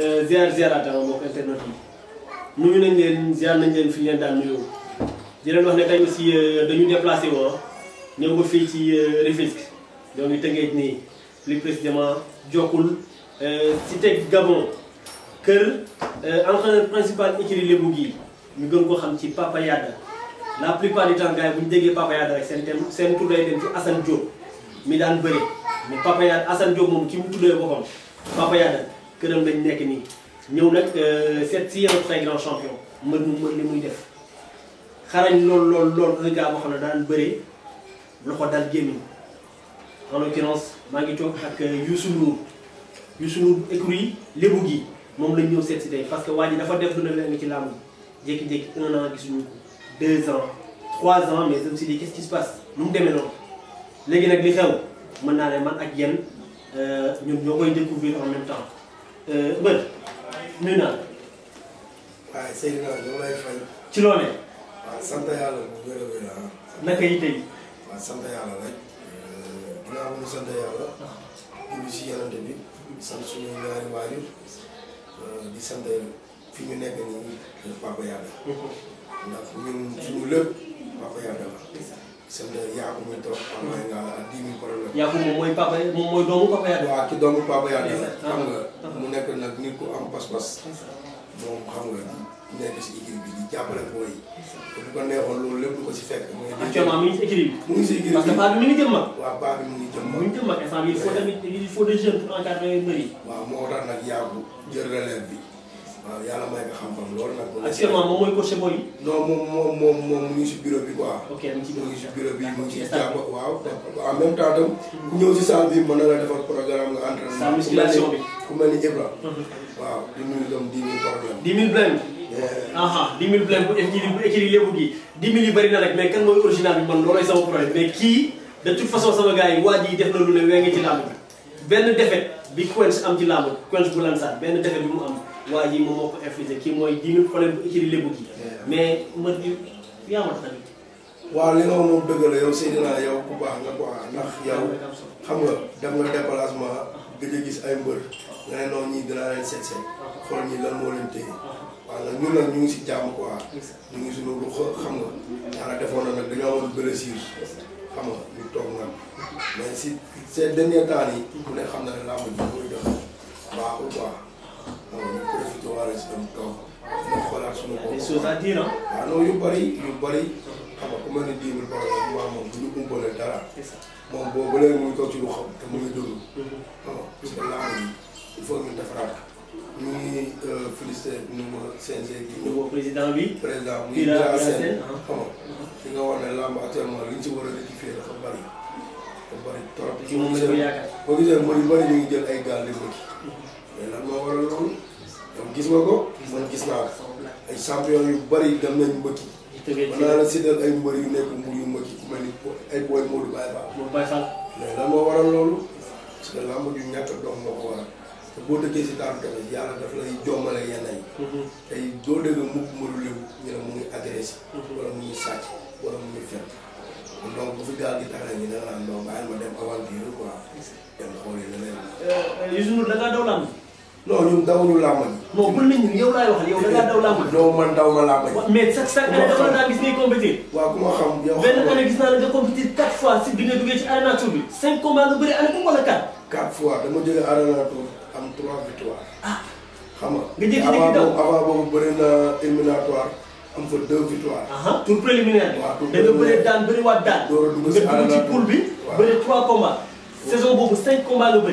Euh, ziar ziaraat ma mbokk internet leen ziar nañ leen fi ñu daan nuyoo di leen wax ne tey aussi euh, dañu déplacé woon ñëw ba fii ci euh, Rufisque ñoo ngi tëngeej nii plus précisément Diokoul Cité Gabon kër entraîneur principal écurie Lébou gi ñu gën ko xam ci Papa Yada la plupart du temps gars bu ñu déggee Papa seen thème seen tur lay dem ci Assane Diop mi daan bëri mais Papa Yada Assane Diop moom ki mu tuddee boppam Papa Nous lañ nekk nii euh, très grand champion mën mu mën def xarañ lool lool lool en l'occurrence maa ngi toog ak euh, Youssou Youssou écrou lañ parce que waa dafa def ci un an deux ans trois ans mais qu'est-ce qui se passe Nous mu demee noonu léegi li xew man ak euh, découvrir en même temps Mbër nuyu naa la. waaw Seydina ñu ngi lay fay. ci loolee. waaw sant yàlla bu wér a wér ah. naka yi tey. waaw sant yàlla rek. ginnaaw bu ñu sant yàlla. di si yalante bi. sant suñu ñaari waajur di sant fi ñu nekk nii papa yàlla. Mhm. ndax ñun suñu lépp papa yàlla la. sëñ bi yaa ko muy toog. amaa nga dix mille problème. yaa ko moom mooy papa moom mooy doomu papa yaa waaw ci doomu papa yaa xam nga mu nekk nag nit ku am pas-pas. moom xam nga nekk si équipe bi di jàppale booy ko neexoon loolu lépp du ko si fekk. actuellement mu ngi si équipe bi. mu ngi si équipe bi parce mu ngi jëm mu ngi jëm ma. mu ngi jëm ma instant bii il moo tax nag yaa ko jël bi. waaw yàlla may nga xam-xam loolu nag. actuellement moom mooy coach booy. non moom moom moom moom mu ngi si bureau bi quoi. ok mu ngi si bureau bi mu ngi si jàpp waaw. en même temps tam. ku ñëw si salle bi mën na la defar programme nga entraînement. sa musculation bi ku mel ni Ibra. Mhm. waaw di nuyu doom 10 000 problème. 10 000 problème. aha 10 000 problème bu def ñi bu écrit lébu gi 10 000 yu bëri na rek mais kan mooy original bi man loolooy sama problème mais kii de toute façon sama gars yi waa ji def na lu ne wee nga ci làmb bi benn défaite bi Quench am ci làmb Quench bu lansaan benn défaite bi mu am waa ji moom moo ko infligé kii mooy ji nga problème bu utile lébu gi mais mbër bi yaa ma tamit. waaw li nga wax moom dëgg la yow Seydina yow bu baax nga quoi ndax yow xam nga dem nga déplacement gëj a gis ay mbër nga ne noonu ñii dinaa leen seet seet xool ñi lan moo leen téye waaw nag ñun nag ñu ngi si jàmm quoi ñu ngi suñu lu xam nga yàlla defoon na nag dañoo amoon blessure xam nga ñu toog nag mais si ces derniers temps yi ku ne xam na ne làmb ji muy dox baaxul quoi moom ñu profité waale si tam toog ñu xoolaat suñu bopp. des choses à dire ah. waaw non yu bëri yu bëri. xam nga ku mel ne diimil ba mu wax moom bu ñu umpale dara. moom boobu léegi mu ngi toog ci lu xam te mu ngi dund. xam nga parce que làmb yi il faut ñu defaraat ñu ngi félicité nu ma CNG bi. nouveau président bi. président muy Bira Sène xam nga fi nga wax ne làmb actuellement li ñu ci war a rectifier dafa bëri. dafa bëri trop. ci moom la ñu yaakaar boo gisee mbir yu bëri ñu ngi jël ay gaal di mais lan moo waral loolu yow gis nga ko man gis naa ko ay champion yu bari dem nañ mbëkki mën naa la séddal ay mbër yu nekk mbër yu mbëkki ku mel ni ay booy Modou Baye Fall mais lan moo waral loolu parce que lamb ju ñàkk dox moo ko waral si taatu tamit yàlla daf lay yi mhm. tey doo dégg mukk Modou mu ngi agressé mhm. wala mu bu fi gaal gi tax ñu ne la bàyyi ma dem aventure quoi dem xooli leneen euh, Youssou Ndour da non ñun dawuñu làmb ji. non bu nit ñi yow laay waxal yow da ngaa daw làmb ji. man daw ma làmb ji. waaw mais chaque chaque année dama naa gis ngay compétir. waaw ku gis naa la nga compétir quatre fois si bi nga duggee nga bëri année bi wala quatre. quatre fois dama jógee arena tour am trois ah. na éliminatoire am fa deux victoires. tour préliminaire. waaw tour daan bëriwaat daan. door a dugg si arena tour nga dugg ci poule bi. waaw bëri saison boobu cinq combats nga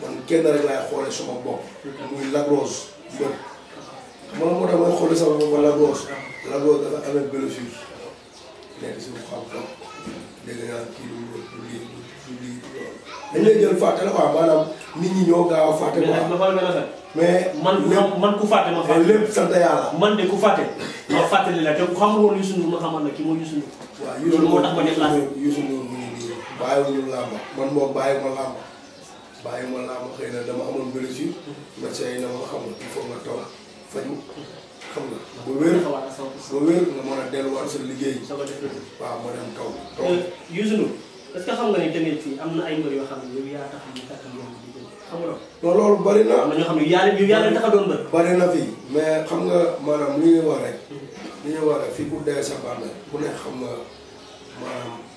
man kenn rek laay xoolee sama bopp. muy Lac Rose mbër. man moo tax may xoolee sama bopp Lac Rose. Lac Rose dafa amee blessure nekk si xam-xam dégg naa kii du du lii du lii dañ lay jël fàtte la quoi maanaam nit ñi ñoo gaaw a fàtte. mais man man ku fàtte ma fàtte lépp sant yàlla. man de ku fàtte ma fàtte li la te ku xamul woon Youssou Ndour ma xamal na ki mooy Youssou Ndour. waaw Youssou Ndour loolu moo tax ma déplacé. Youssou Ndour mu ngi nii bàyyiwuñu làmb man moom bàyyiwuma làmb bàyyi ma laa ma xëy dama amoon blessure médecin yi ma xamul il faut nga toog faju xam nga bu wér bu wér nga mën a delluwaat sa liggéey waaw ma dem taw taw euh, est-ce xam nga ni tamit fii am ay mbër yoo xam ne yow tax ñu takk yoon bi xamuloo non bari na am na xam ne yaa leen yaa leen doon bari na mais xam nga rek ku ne xam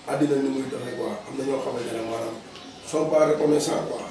nga ni muy quoi am na pas quoi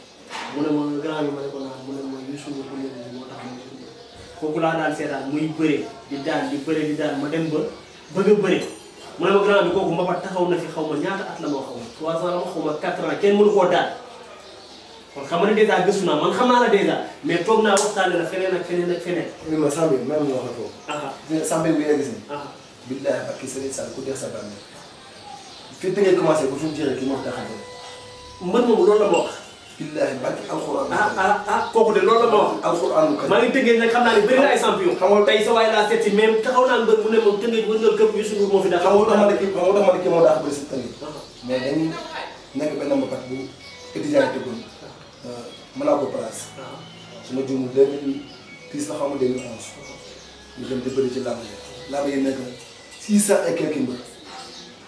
mu ne ma grand bi ma ne ko naan mu ne ma Youssou Ndour bu nekk moo tax ma Youssou Ndour kooku laa daan seetaan muy bëre di daan di bëre di daan ma dem ba bëgg a bëre mu ne ma grand bi kooku mbapat taxaw na fi xaw ma ñaata at la ma xaw ma trois ans la ma xaw ma quatre ans kenn mënu koo daan kon xam nga ne dèjà gëstu naa man xam naa la dèjà mais toog naa waxtaane la feneen ak feneen ak feneen. oui ma Sambé maa ngi wax la foofu. dina Sambé bi nga gis nii. billahi ak kii Serigne Sall ku dee sa bàmmeel fii da ngay commencé ba fu mu jeexee kii moo tax a bëri. mbër moomu loolu la ma wax. billahi barke alxuraan. ah ah ah kooku de loolu la ma wax. alxuraan maa ngi tënkee nag xam naa ne bëri na ay champion. xam nga tey sa waay laa seet si mais taxaw naa mbër mu ne moom tënkee wëngal këpp Youssou Ndour moo fi daal. xam nga dama ne kii xam nga dama ne kii moo daax bëri si tënk. Ah. mais dañu nekk benn mbapat bu étudiant yi tëggoon euh, mën naa ko place. Ah. su ma juumul deux mille dix la xaw ma deux mille onze. ñu dem di bëri ci làmb yi. làmb yi nekk six cent et quelques mbër.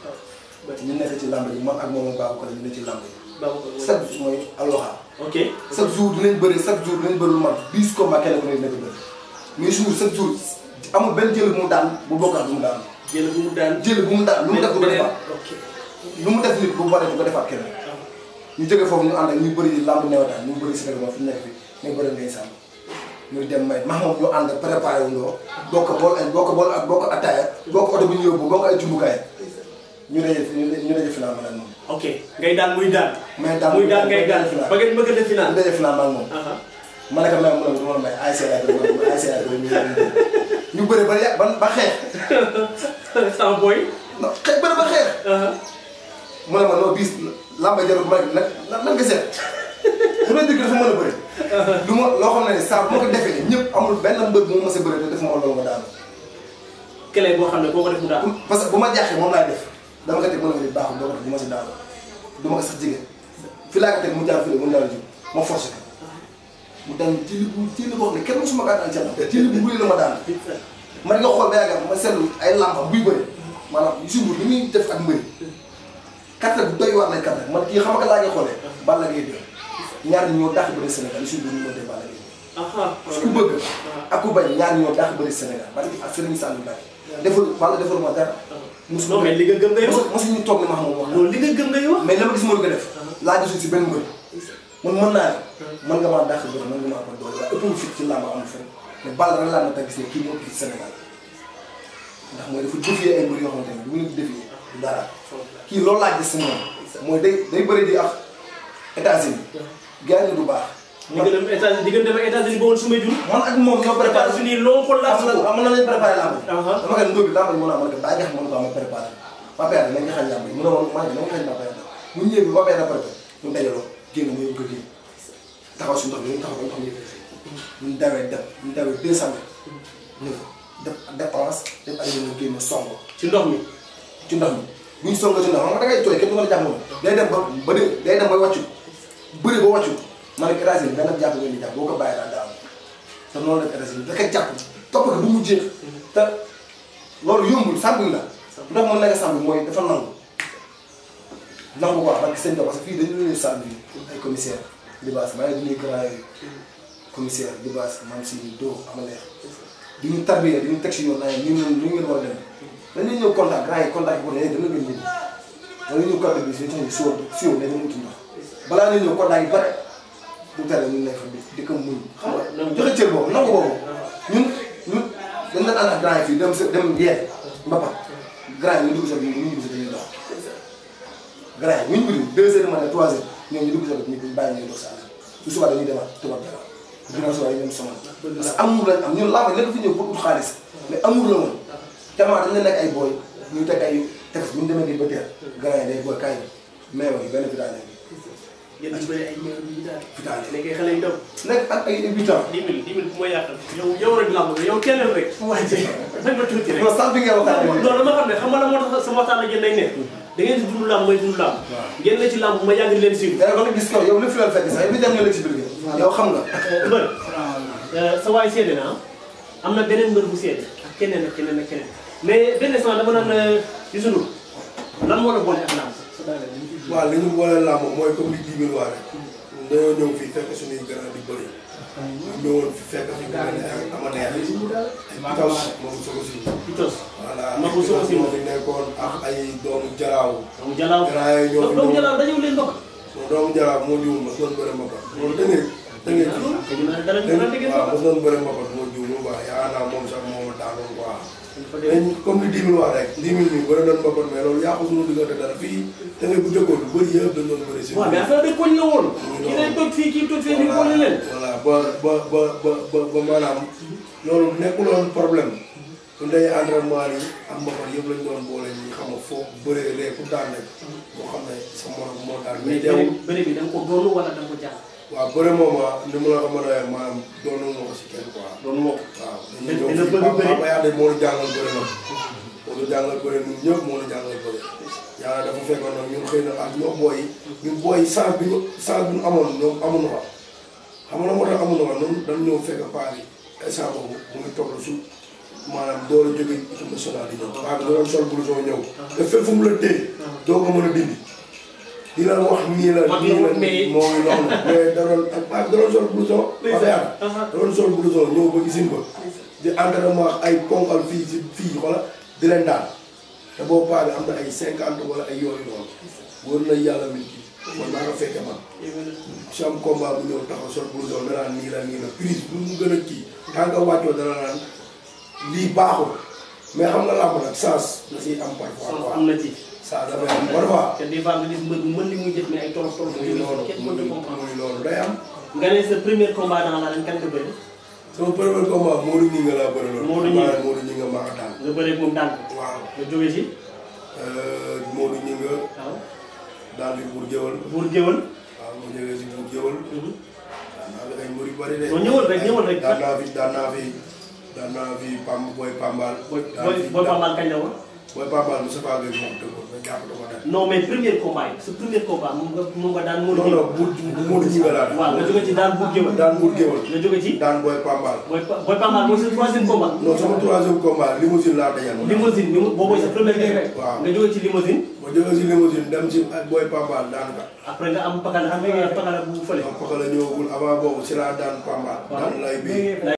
Ah. ñu nekk ci làmb yi man ak moom ak baabu ko la ñu ne ci làmb yi chaque jour mooy aloha. ok chaque jour dinañ bëri chaque jour dinañ bëri lu mat 10 combats kenn ku ne dina ko bëri mais jour chaque jour amul benn jël bu mu daan bu bokkaat bu mu daan. jël bu mu daan jël bu mu daan lu mu def du ko defaat. lu mu def nit bu paree du ko defaat kenn. ñu jógee foofu ñu ànd ak ñu bëri làmb newataan ñu bëri si nekk fi mu fi ñu bëri ngay sàmm ñu dem may max moom ñu ànd préparé wu ñu bokk bool ay bokk bool ak bokk ataaya bokk oto bu ñu yóbbu bokk ay jumbukaay ñu daje ñu ñu final man ak moom. ok ngay daan muy daan. may daan final. ñu daje final man ak moom. Uh-huh. ma ne ko may mu ne ma may ASC laa ya ba ba xeex. sama boy. non xeex bëre uh-huh. bis lamba jarul ma nag lan nga seet. bu doon dëgg dafa mën a bëri. Uh-huh. du ma loo xam ne saa bu ma ko defee ñëpp amul benn mbër bu ma mës a bëri te def ma wala def. dama ko teg mën na ko baaxul doo ko def ma si daal du ma ko sax jege fi laa ko teg mu jaar fii mu daal ji ma forcé ko mu daan jëli bu jëli boo xam ne kenn bu wéy la ma daan man nga xool ba ma seetlu ay làmba buy bëri maanaam jour li muy def ak mbëri kattan bu doy waar lay kattan man kii xam nga laa ngi xoolee Balla Gaye bi ñaar ñoo dàq bëri bi ñu wootee Balla Gaye ku bëgg ak ku bañ ñaar ñoo dàq bëri Sénégal man ak Serigne Sall Mbacké deful Balla deful ma dara musu non mais li nga gëm ngay wax musu ñu toog ne ma xam wax non li nga gëm ngay wax mais la ma gis mooy ko def laa gisul si benn mbër man man nga maa dàq jox man nga maa ko doole waaye ëpp fit moo ëpp ci Sénégal ndax mooy dafa défier kii loolu laa gis si moom mooy day day bëri di ak États-Unis gars yi du baax man diggante ba états diggante ba états-unis ba woon su ma jur. man ak moom ñoo préparé états-unis loo ko laaj. am na lañ préparé làmb ji. Uh-huh. dama koy ndóobi làmb ji mën a amal daa jax mën ko am préparé. ba pare nañ nga xañ làmb ji mu ne woon man nañ nga xañ làmb ji mu ñëwee bi ba pare na préparé ñu dajaloo génn mu yóbbu ko génn taxaw suñu ndox mi ñu taxaw ba ñu xam ne ñu dawee dem ñu dawee deux cent mille ñu def dépense def ay ñu génn song ci ndox mi ci ndox mi buñ song ci ndox xam nga da ngay jooy képp nga la jàmm day dem ba ba day dem ba wàccu bëri ba wàccu man ak états unis benn jàpp nga ñu jàpp boo ko bàyyi daal daa am te noonu la états unis da koy jàpp topp ko du mu jeex te loolu yombul sàmm la ndax mën na nga sàmm mooy dafa nangu nangu quoi parce que sëñ bi parce que fii dañu leen sàmm ay commissaire libaas maa ngi leen di grand yooyu commissaire libaas maam si doo amaleex di ñu tarbiya di ñu teg si yoon naa ñu ñu ñu ngeen war a dem dañuy ñëw contact grand yi contact yi boo nee dana gën ñëw dana ñëw contact bi si ñu tax ñu siwoon siwoon dañu mutu ndox balaa ñuy ñëw contact yi bare bu tere ñun lay fa di ko muñ. Ah, xam nga joxe cër boobu nangu boobu ah, ah. ñun ñun dañ daan ànd ak grand yi fii dem sa dem yeer Mbapat grand yi ñu dugg sa biir ñu dugg sa dañuy dox. grand yi bu ñu bëri deux heures de matin trois heures ñoom ñu dugg sa biir ñu bàyyi ñu dox sa àll su subaa dañuy demaat tubaab dara. ginnaaw subaa yi ñoom sama. parce que amul lañ am ñun làmb nekk fi ñëw pour ut xaalis. mais amul la woon. jamono dañ leen nekk ay booy ñu teg ay tefes bu ñu demee nii ba teel. grand yi day booy kaay mais benn bi daal yéen ñu bëri ay huit xale yu ndaw. nekk ak ay huit ans. dix ma yàqal. yow yow rek rek. waaye tey rek ma rek. non sax bi nga waxtaan non dama xam xam nga la moo tax sama waxtaan ak yéen da ngeen di dund làmb may dund làmb. waaw ma yàgg leen suivre. dara eh, ba gis xam nga. Eh, mbër eh, sa waay seede na ah? am na beneen mbër bu seede ak keneen ak keneen ak keneen mais benn instant dama naan Youssou Ndour lan moo la boole ak làmb waaw li ñu boole mooy comme li jibil waa rek dañoo ñëw fii fekk suñuy grand di bëri ñëwoon fi fekk suñu grand ama neex pitos moom soko si pitos voilà pitos moo fi nekkoon ak ay doomu jaraaw jaraaw ñoo fi doomu jaraaw dañu leen bokk doomu jaraaw moo jiwul ma doon bëri ma bokk moom da ngay da ma doon bëri ma bokk moo jiwul waaw dinañ comme ni dix mille wax rek dix mille nii ba doon bokkoon mais loolu yàqu suñu diggante dara fii te nga bu jëkkoon lu bëri yëpp dañ doon bëri si waaw mais la woon kii day ba ba ba ba ba maanaam loolu nekkuloon problème su dee entraînement yi am mboqal yëpp lañ doon boole ñi xam nga foo bëree rek pour daan rek moo xam ne sa morom moo daan mais teewul ko waaw bëre moom ni mu la ko mën a waxee maanaam doonu ma ko si kenn quoi. doonu ma ko waaw. dina dina bëgg bëri waaw yaa de moo la jàngal bëre nag. moo la jàngal bëre ñun ñëpp moo la jàngal bëre. yàlla dafa fekkoon nag ñun xëy na ak ñoo booy yi. ñun booy yi sens bi ñu sens bi ñu amoon ñoom amuñu ko xam nga moo tax amuñu ko ñun dañu ñëw fekk paa bi instant boobu mu ngi toll suuf maanaam doo la jógee équipe nationale di ñëw. waaw doo doon sol blouson ñëw. te fépp fu mu la téye. doo ko mën a dindi. di leen wax nii la nii la mooy loolu mais daloon ak daloon sol blouson wax yàlla daloon sol blouson ñëw ba ay ponkal fii fii xoola di leen daal te boo paa bi am na wala ay yooyu yàlla mi kii man maa nga fekke man su am combat bu nii la nii la prise bu mu gën a kii tant que wàccoo dana naan lii baaxul mais xam nga làmb nag sens na si am parfois am na ci ça damay am bonne fois. te des fois nga gis mbër bu mën li muy jëf mais ay tolof tolof. loolu day am. nga ne sa premier combat nga bëri. sama nga laa bëri loolu. Modou nga euh, Modou ñi nga ah. di buur jëwal. buur jëwal. waaw mu mhm. yu bëri de. soo Pambal kañ la woon. mooy Pambal Moussa Gueye moom dëggoon nga jàpp da ko def. non mais premier combat yi sa premier combat moom nga moom nga daan. mën a non non buur ji nga daan. waaw nga jóge ci daan buur géwël. daan buur géwël. nga jóge ci daan booy Pambal. booy booy Pambal mooy sa troisième combat. non sama troisième combat limousine laa dajal. limousine ni boobu sa premier rek. waaw nga jóge ci limousine. ma jóge ci limousine dem ci booy Pambal daan ka. après nga am pakala xam nga pakala bu fële. waaw pakala ñëwagul avant boobu si laa daan Pambal. daan lay bii.